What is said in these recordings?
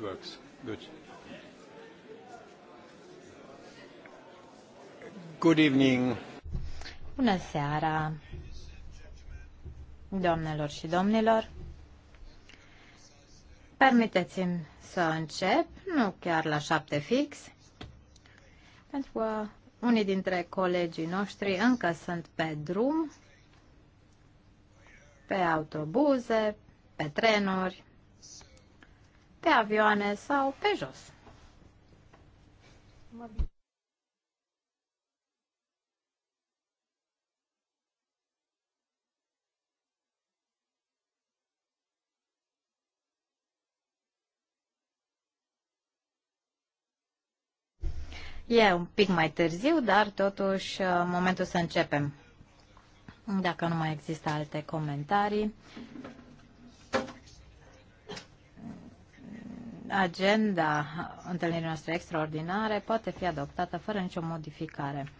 Good. Good evening. Bună seara, doamnelor și domnilor. Permiteți-mi să încep, nu chiar la șapte fix, pentru că unii dintre colegii noștri încă sunt pe drum, pe autobuze, pe trenuri, pe avioane sau pe jos. E un pic mai târziu, dar totuși uh, momentul să începem. Dacă nu mai există alte comentarii, agenda întâlnirii noastre extraordinare poate fi adoptată fără nicio modificare.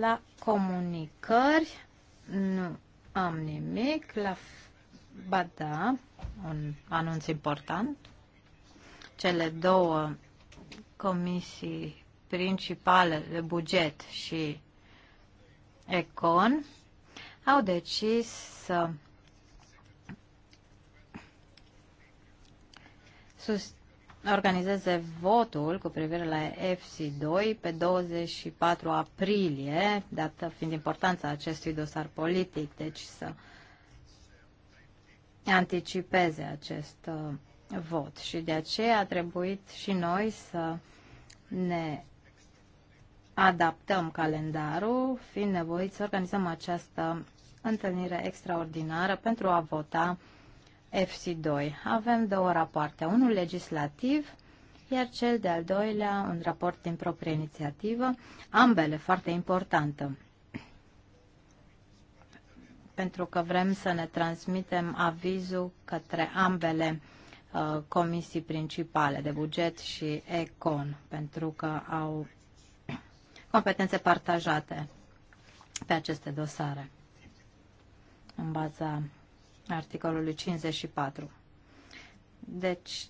La comunicări nu am nimic. La ba da, un anunț important. Cele două comisii principale de buget și Econ au decis să sus, organizeze votul cu privire la FC2 pe 24 aprilie, dată fiind importanța acestui dosar politic, deci să anticipeze acest uh, vot. Și de aceea a trebuit și noi să ne adaptăm calendarul, fiind nevoiți să organizăm această întâlnire extraordinară pentru a vota FC2. Avem două rapoarte, unul legislativ, iar cel de-al doilea, un raport din proprie inițiativă, ambele foarte importante. Pentru că vrem să ne transmitem avizul către ambele uh, comisii principale de buget și ECON, pentru că au competențe partajate pe aceste dosare în baza articolului 54. Deci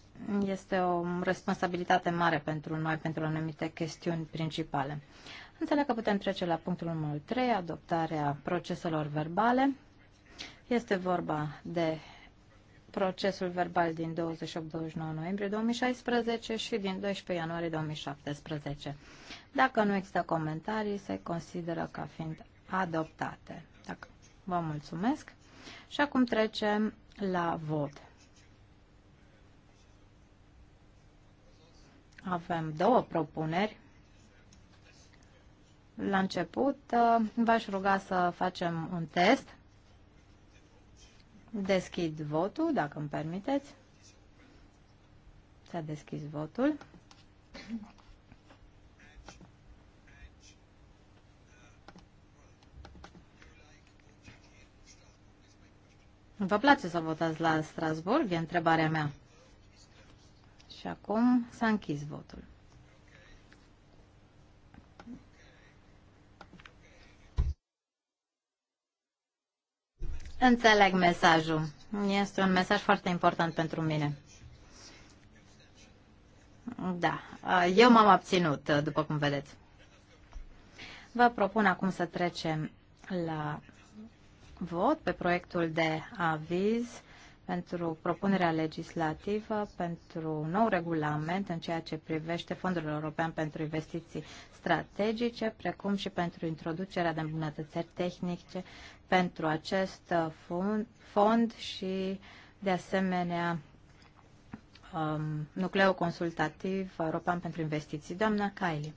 este o responsabilitate mare pentru noi pentru anumite chestiuni principale. Înțeleg că putem trece la punctul numărul 3, adoptarea proceselor verbale. Este vorba de procesul verbal din 28-29 noiembrie 2016 și din 12 ianuarie 2017. Dacă nu există comentarii, se consideră ca fiind adoptate. Dacă vă mulțumesc. Și acum trecem la vot. Avem două propuneri. La început uh, v-aș ruga să facem un test. Deschid votul, dacă îmi permiteți. S-a deschis votul. Vă place să votați la Strasburg? E întrebarea mea. Și acum s-a închis votul. Înțeleg mesajul. Este un mesaj foarte important pentru mine. Da, eu m-am abținut, după cum vedeți. Vă propun acum să trecem la vot pe proiectul de aviz pentru propunerea legislativă pentru nou regulament în ceea ce privește Fondul European pentru Investiții Strategice, precum și pentru introducerea de îmbunătățiri tehnice pentru acest uh, fond, și, de asemenea, um, nucleul consultativ european pentru investiții. Doamna Kaili.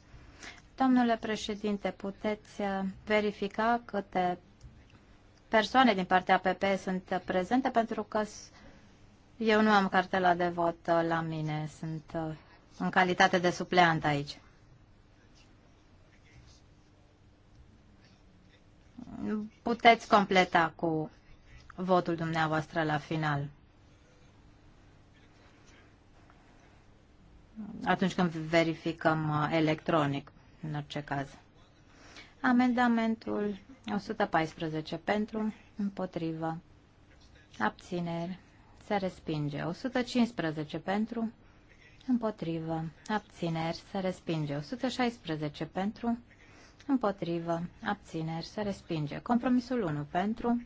Domnule președinte, puteți uh, verifica câte persoane din partea PP sunt prezente pentru că eu nu am cartela de vot uh, la mine. Sunt uh, în calitate de supleant aici. Puteți completa cu votul dumneavoastră la final. Atunci când verificăm uh, electronic, în orice caz. Amendamentul 114 pentru, împotrivă, abțineri, se respinge. 115 pentru, împotrivă, abțineri, se respinge. 116 pentru, împotrivă, abțineri, se respinge. Compromisul 1 pentru,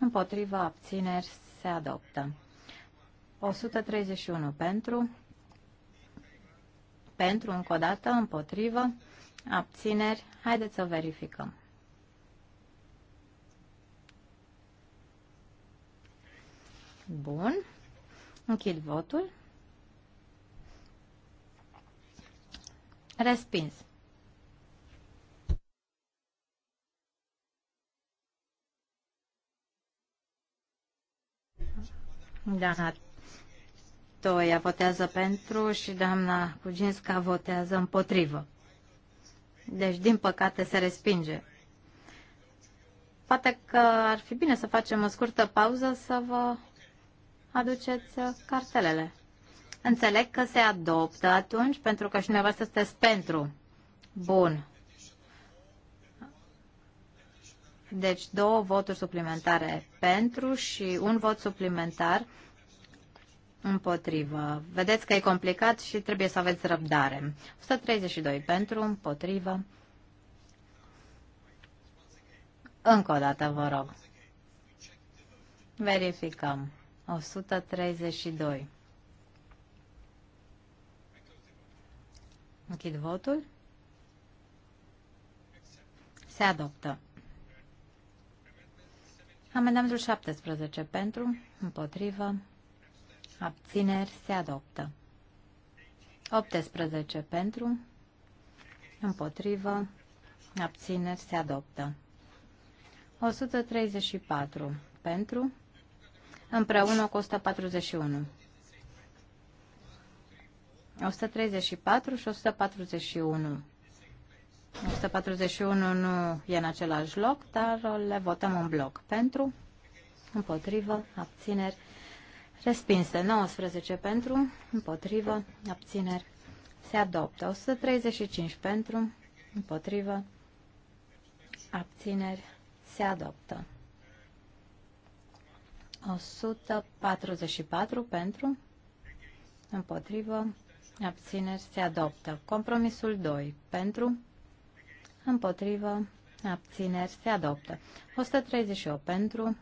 împotrivă, abțineri, se adoptă. 131 pentru, pentru, încă o dată, împotrivă, abțineri. Haideți să verificăm. Bun. Închid votul. Respins. Doamna Toia votează pentru și doamna Cuginsca votează împotrivă. Deci, din păcate, se respinge. Poate că ar fi bine să facem o scurtă pauză să vă aduceți uh, cartelele. Înțeleg că se adoptă atunci pentru că și nevastă sunteți pentru. Bun. Deci două voturi suplimentare pentru și un vot suplimentar împotrivă. Vedeți că e complicat și trebuie să aveți răbdare. 132 pentru, împotrivă. Încă o dată, vă rog. Verificăm. 132. Închid votul. Se adoptă. Amendamentul 17 pentru, împotrivă, abțineri, se adoptă. 18 pentru, împotrivă, abțineri, se adoptă. 134 pentru, împreună cu 141. 134 și 141. 141 nu e în același loc, dar le votăm în bloc. Pentru, împotrivă, abțineri, respinse. 19 pentru, împotrivă, abțineri, se adoptă. 135 pentru, împotrivă, abțineri, se adoptă. 144 pentru, împotrivă, abțineri se adoptă. Compromisul 2 pentru, împotrivă, abțineri se adoptă. 138 pentru,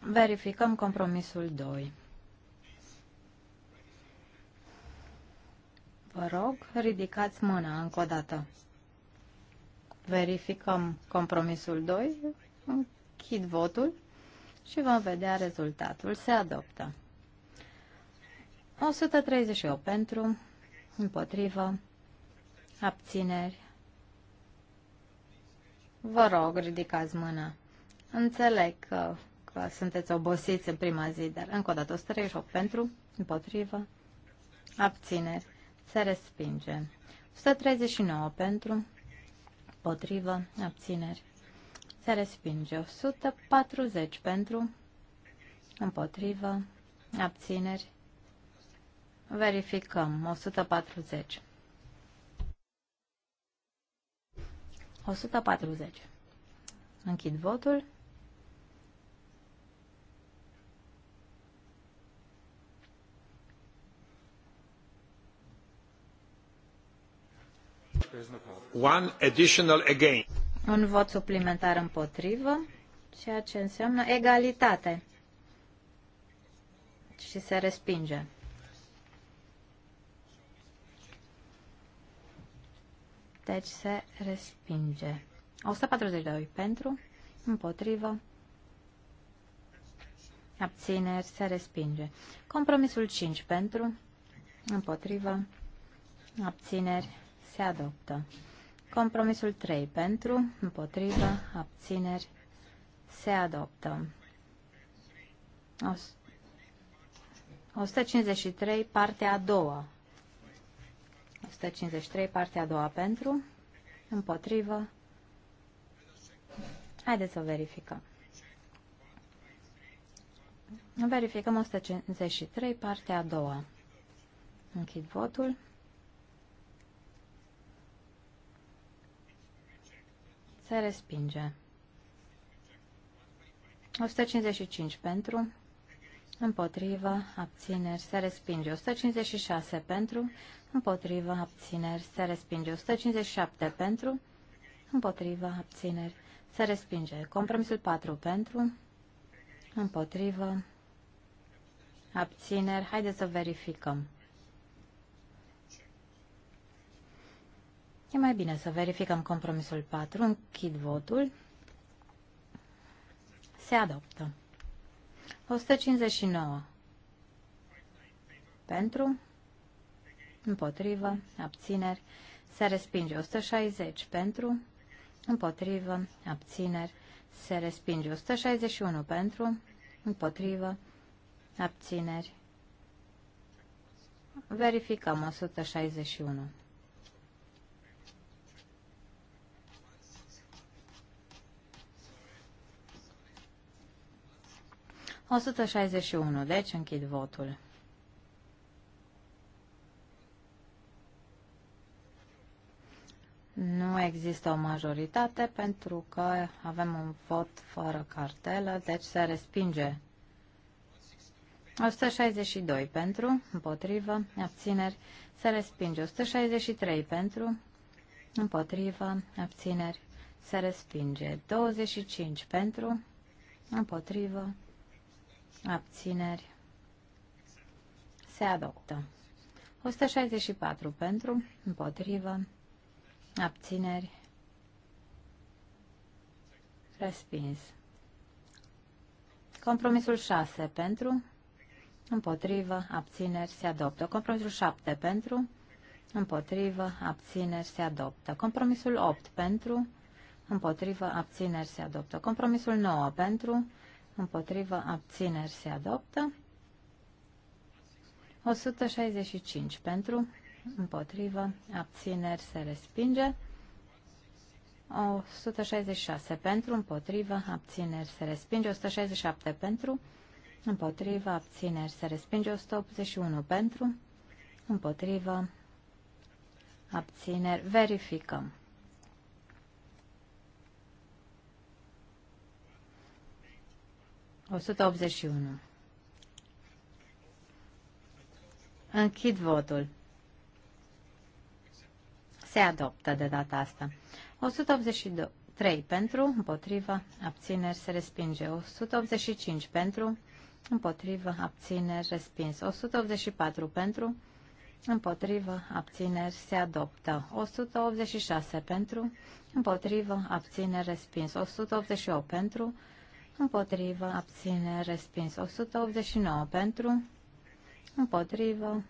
verificăm compromisul 2. Vă rog, ridicați mâna încă o dată. Verificăm compromisul 2. Închid votul și vom vedea rezultatul. Se adoptă. 138 pentru, împotrivă, abțineri. Vă rog, ridicați mâna. Înțeleg că, că sunteți obosiți în prima zi, dar încă o dată 138 pentru, împotrivă, abțineri. Se respinge. 139 pentru, împotrivă, abțineri se respinge 140 pentru, împotrivă, abțineri, verificăm 140. 140. Închid votul. One additional again un vot suplimentar împotrivă, ceea ce înseamnă egalitate și se respinge. Deci se respinge. 142 pentru, împotrivă, abțineri, se respinge. Compromisul 5 pentru, împotrivă, abțineri, se adoptă. Compromisul 3 pentru, împotrivă, abțineri, se adoptă. 153, partea a doua. 153, partea a doua pentru, împotrivă. Haideți să verificăm. Verificăm 153, partea a doua. Închid votul. Se respinge. 155 pentru, împotrivă, abțineri, se respinge. 156 pentru, împotrivă, abțineri, se respinge. 157 pentru, împotrivă, abțineri, se respinge. Compromisul 4 pentru, împotrivă, abțineri. Haideți să verificăm. E mai bine să verificăm compromisul 4. Închid votul. Se adoptă. 159. Pentru. Împotrivă. Abțineri. Se respinge 160 pentru. Împotrivă. Abțineri. Se respinge 161 pentru. Împotrivă. Abțineri. Verificăm 161. 161. Deci închid votul. Nu există o majoritate pentru că avem un vot fără cartelă, deci se respinge. 162 pentru, împotrivă, abțineri, se respinge. 163 pentru, împotrivă, abțineri, se respinge. 25 pentru, împotrivă, abțineri, se adoptă. 164 pentru, împotrivă, abțineri, respins. Compromisul 6 pentru, împotrivă, abțineri, se adoptă. Compromisul 7 pentru, împotrivă, abțineri, se adoptă. Compromisul 8 pentru, împotrivă, abțineri, se adoptă. Compromisul 9 pentru, împotrivă, abțineri se adoptă. 165 pentru, împotrivă, abțineri se respinge. 166 pentru, împotrivă, abțineri se respinge. 167 pentru, împotrivă, abțineri se respinge. 181 pentru, împotrivă, abțineri. Verificăm. 181. Închid votul. Se adoptă de data asta. 183 pentru, împotrivă, abțineri, se respinge. 185 pentru, împotrivă, abțineri, respins. 184 pentru, împotrivă, abțineri, se adoptă. 186 pentru, împotrivă, abțineri, respins. 188 pentru, Împotrivă. Abține. Respins. 189 pentru. Împotrivă.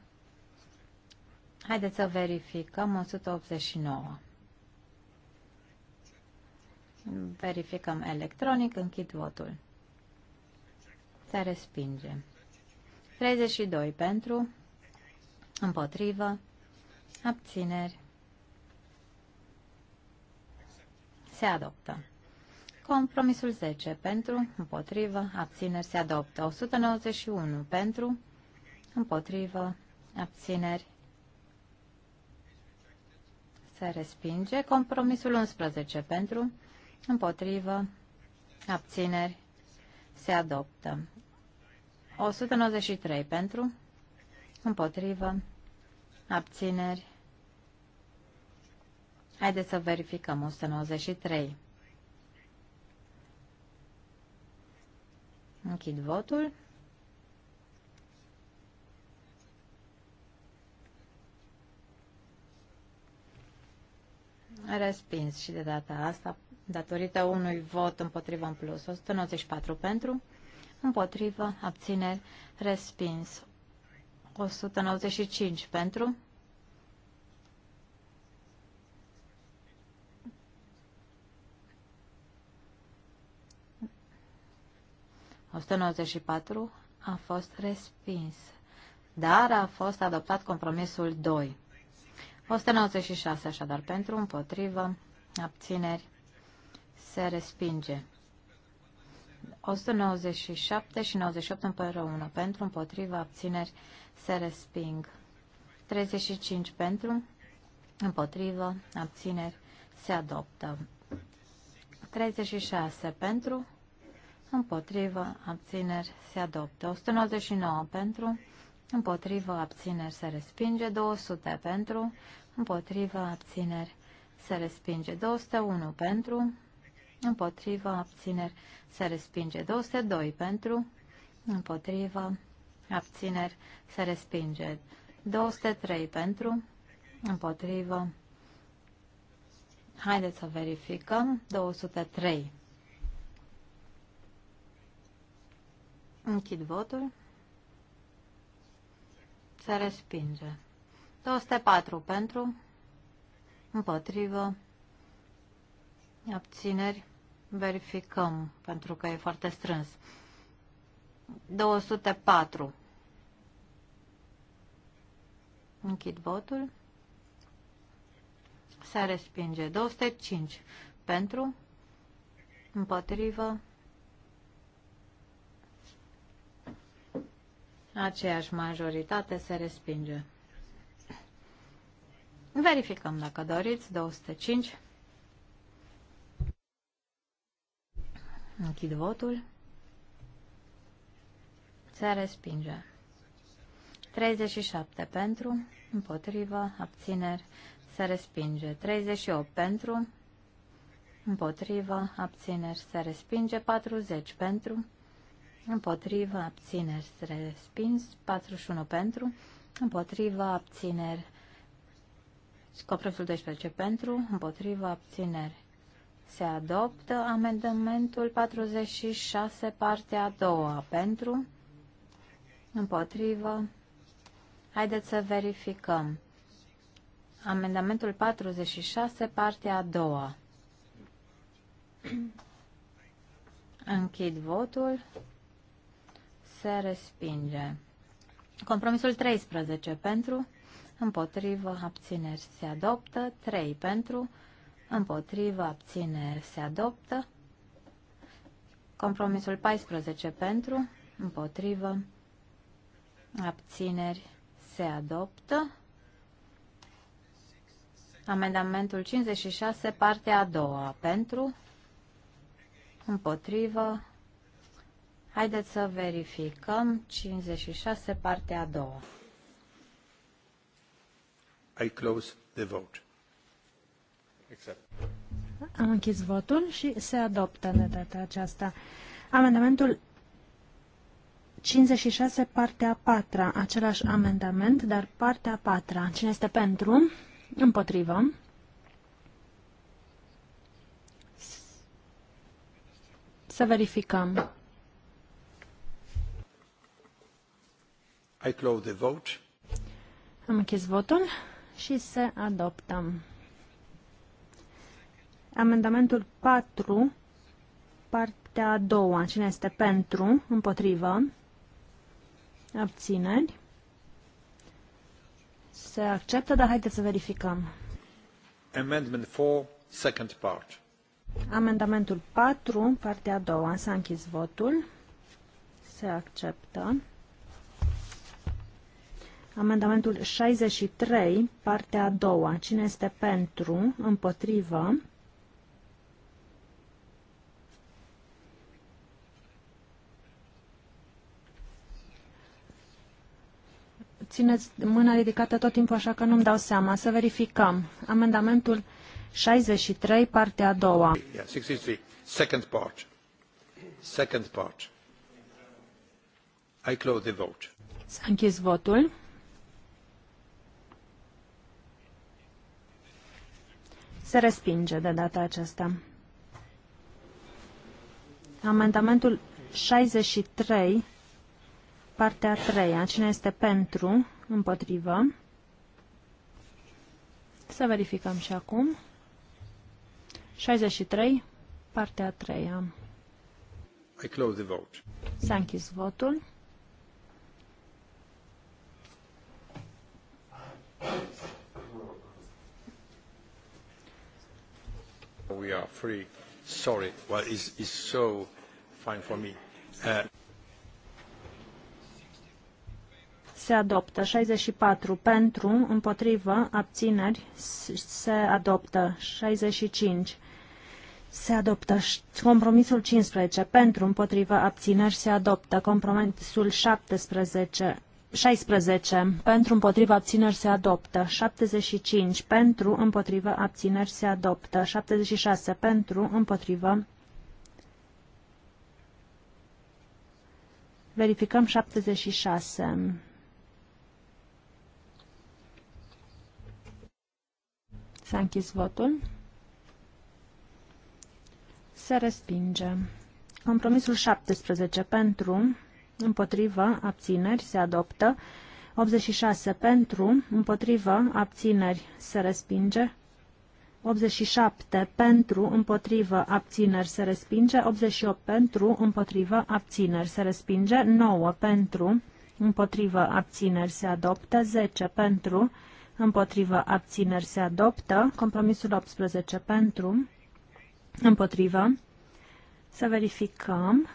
Haideți să verificăm. 189. Verificăm electronic. Închid votul. Se respinge. 32 pentru. Împotrivă. Abțineri. Se adoptă. Compromisul 10 pentru, împotrivă, abțineri se adoptă. 191 pentru, împotrivă, abțineri se respinge. Compromisul 11 pentru, împotrivă, abțineri se adoptă. 193 pentru, împotrivă, abțineri. Haideți să verificăm 193. Închid votul. Respins și de data asta, datorită unui vot împotrivă în plus. 194 pentru, împotrivă, abțineri, respins. 195 pentru, 194 a fost respins, dar a fost adoptat compromisul 2. 196 așadar pentru, împotrivă, abțineri, se respinge. 197 și 98 împreună pentru, împotrivă, abțineri, se resping. 35 pentru, împotrivă, abțineri, se adoptă. 36 pentru, împotrivă, abțineri, se adoptă. 199 pentru, împotrivă, abțineri, se respinge. 200 pentru, împotrivă, abțineri, se respinge. 201 pentru, împotrivă, abțineri, se respinge. 202 pentru, împotrivă, abțineri, se respinge. 203 pentru, împotrivă. Haideți să verificăm. 203. Închid votul. Se respinge. 204 pentru, împotrivă, abțineri, verificăm, pentru că e foarte strâns. 204. Închid votul. Se respinge. 205 pentru, împotrivă, aceeași majoritate se respinge. Verificăm dacă doriți. 205. Închid votul. Se respinge. 37 pentru, împotrivă, abțineri, se respinge. 38 pentru, împotrivă, abțineri, se respinge. 40 pentru, împotrivă, abțineri, respins, 41 pentru, împotrivă, abțineri, compromisul 12 pentru, împotrivă, abțineri. Se adoptă amendamentul 46, partea a doua, pentru, împotrivă. Haideți să verificăm. Amendamentul 46, partea a doua. Închid votul se respinge. Compromisul 13 pentru, împotrivă, abțineri se adoptă, 3 pentru, împotrivă, abțineri se adoptă, compromisul 14 pentru, împotrivă, abțineri se adoptă, amendamentul 56, partea a doua, pentru, împotrivă, Haideți să verificăm 56, partea a doua. I close the vote. Except. Am închis votul și se adoptă de data aceasta. Amendamentul 56, partea a patra, același amendament, dar partea a patra. Cine este pentru? Împotrivă. Să verificăm. I close the vote. Am închis votul și se adoptă. Amendamentul 4, partea a doua. Cine este pentru? Împotrivă? Abțineri? Se acceptă, dar haideți să verificăm. Amendment 4, second part. Amendamentul 4, partea a doua. S-a închis votul. Se acceptă. Amendamentul 63, partea a doua. Cine este pentru? Împotrivă? Țineți mâna ridicată tot timpul, așa că nu-mi dau seama. Să verificăm. Amendamentul 63, partea a doua. second part. Second part. I close the vote. S-a închis votul. Se respinge de data aceasta. Amendamentul 63, partea 3. Cine este pentru? Împotrivă. Să verificăm și acum. 63, partea 3. I close the vote. S-a închis votul. We are free. Sorry. Well, it's, it's so fine for me. Uh... Se adoptă 64 pentru, împotrivă, abțineri, se adoptă 65. Se adoptă compromisul 15 pentru, împotrivă, abțineri, se adoptă compromisul 17 16. Pentru împotriva abțineri se adoptă. 75. Pentru împotriva abțineri se adoptă. 76. Pentru împotriva. Verificăm 76. S-a închis votul. Se respinge. Compromisul 17 pentru împotrivă, abțineri, se adoptă. 86 pentru, împotrivă, abțineri, se respinge. 87 pentru, împotrivă, abțineri, se respinge. 88 pentru, împotrivă, abțineri, se respinge. 9 pentru, împotrivă, abțineri, se adoptă. 10 pentru, împotrivă, abțineri, se adoptă. Compromisul 18 pentru, împotrivă. Să verificăm.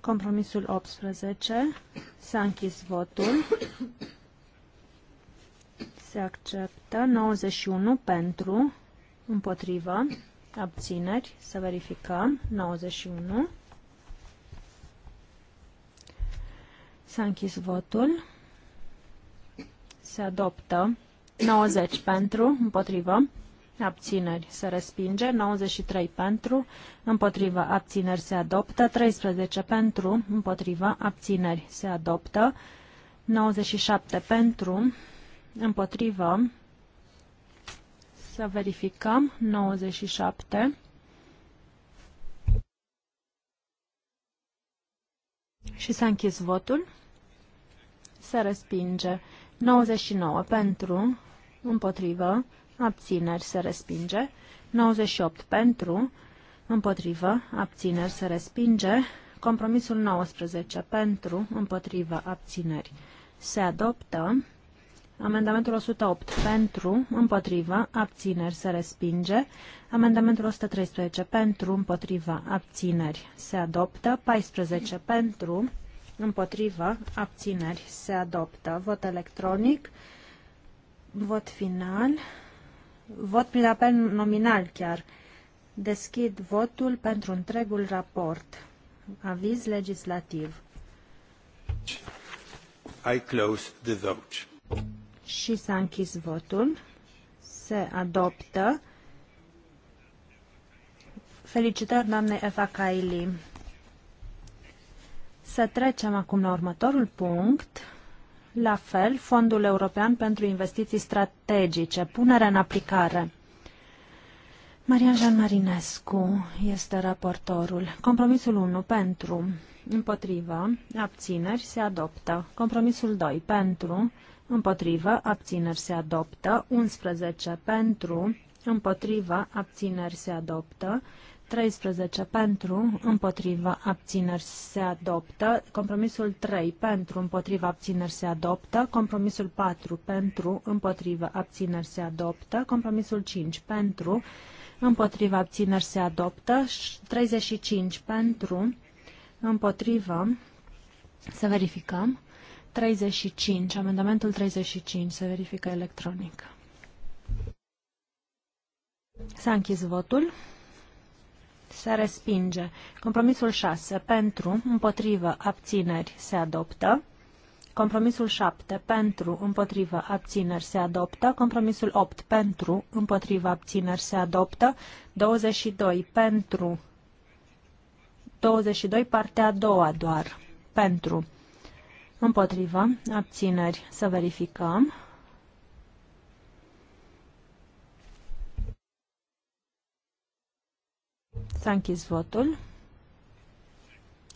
Compromisul 18. S-a închis votul. Se acceptă. 91 pentru, împotrivă, abțineri. Să verificăm. 91. S-a închis votul. Se adoptă. 90 pentru, împotrivă, abțineri se respinge, 93 pentru, împotriva abțineri se adoptă, 13 pentru, împotriva abțineri se adoptă, 97 pentru, împotriva, să verificăm, 97 și s-a închis votul, se respinge, 99 pentru, împotriva, abțineri se respinge, 98 pentru, împotrivă, abțineri se respinge, compromisul 19 pentru, împotrivă, abțineri se adoptă, amendamentul 108 pentru, împotrivă, abțineri se respinge, amendamentul 113 pentru, împotrivă, abțineri se adoptă, 14 pentru, împotrivă, abțineri se adoptă, vot electronic, vot final. Vot prin apel nominal chiar. Deschid votul pentru întregul raport. Aviz legislativ. I close the vote. Și s-a închis votul. Se adoptă. Felicitări, doamne Eva Kaili. Să trecem acum la următorul punct. La fel, Fondul European pentru Investiții Strategice, punere în aplicare. Marian Jean Marinescu este raportorul. Compromisul 1 pentru, împotrivă, abțineri se adoptă. Compromisul 2 pentru, împotrivă, abțineri se adoptă. 11 pentru, împotrivă, abțineri se adoptă. 13 pentru, împotriva, abțineri se adoptă. Compromisul 3 pentru, împotriva, abțineri se adoptă. Compromisul 4 pentru, împotriva, abțineri se adoptă. Compromisul 5 pentru, împotriva, abțineri se adoptă. 35 pentru, împotriva, să verificăm. 35, amendamentul 35 se verifică electronic. S-a închis votul se respinge. Compromisul 6 pentru, împotrivă, abțineri se adoptă. Compromisul 7 pentru, împotrivă, abțineri se adoptă. Compromisul 8 pentru, împotrivă, abțineri se adoptă. 22 pentru, 22 partea a doua doar, pentru, împotrivă, abțineri să verificăm. S-a închis votul.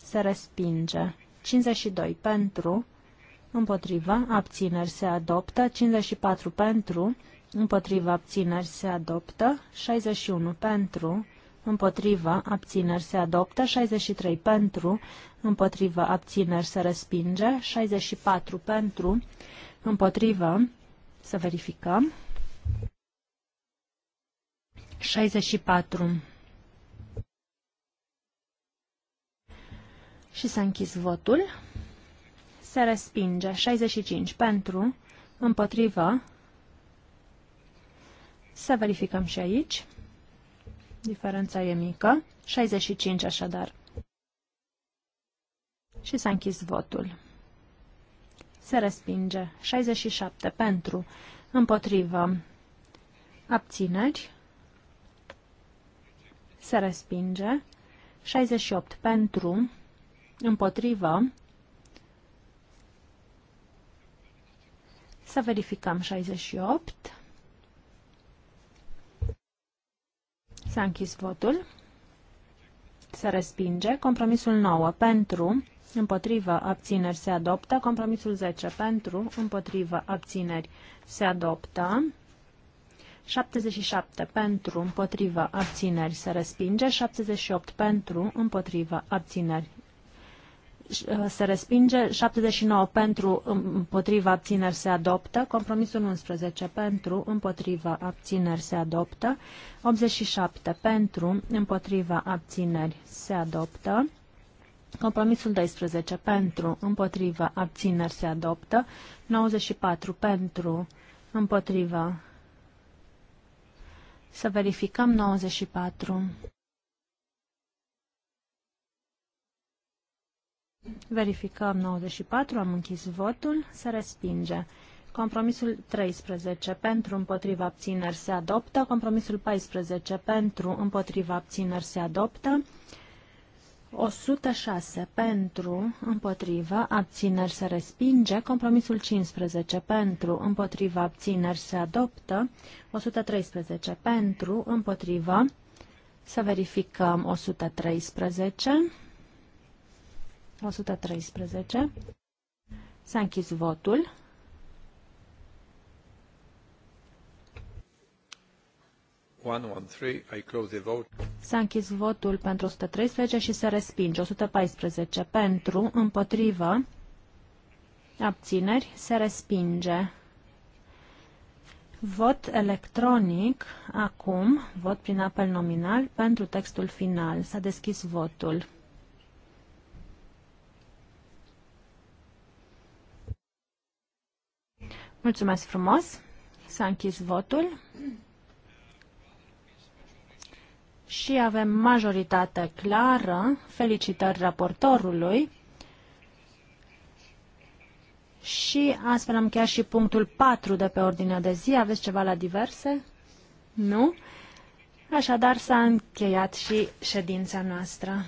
Se respinge. 52 pentru, împotriva, abțineri se adoptă, 54 pentru, împotriva, abțineri se adoptă, 61 pentru, împotriva, abțineri se adoptă, 63 pentru, împotriva, abțineri se respinge, 64 pentru, împotriva, să verificăm, 64 Și s-a închis votul. Se respinge 65 pentru, împotrivă. Să verificăm și aici. Diferența e mică. 65 așadar. Și s-a închis votul. Se respinge 67 pentru, împotrivă. Abțineri. Se respinge 68 pentru, Împotrivă. Să verificăm 68. S-a închis votul. Se respinge. Compromisul 9 pentru, împotrivă, abțineri se adoptă. Compromisul 10 pentru, împotrivă, abțineri se adoptă. 77 pentru, împotrivă, abțineri se respinge. 78 pentru, împotrivă, abțineri Uh, se respinge, 79 um, pentru, împotriva abțineri se adoptă, compromisul 11 pentru, împotriva abțineri se adoptă, 87 pentru, împotriva abțineri se adoptă, compromisul 12 pentru, împotriva abțineri se adoptă, 94 pentru, împotriva. Să verificăm 94. Verificăm 94, am închis votul, se respinge. Compromisul 13 pentru împotriva abțineri se adoptă. Compromisul 14 pentru împotriva abțineri se adoptă. 106 pentru împotriva abțineri se respinge. Compromisul 15 pentru împotriva abțineri se adoptă. 113 pentru împotriva. Să verificăm 113. 113. S-a închis votul. S-a închis votul pentru 113 și se respinge. 114 pentru, împotrivă, abțineri, se respinge. Vot electronic, acum, vot prin apel nominal, pentru textul final. S-a deschis votul. Mulțumesc frumos. S-a închis votul. Și avem majoritate clară. Felicitări raportorului. Și astfel am încheiat și punctul 4 de pe ordinea de zi. Aveți ceva la diverse? Nu? Așadar s-a încheiat și ședința noastră.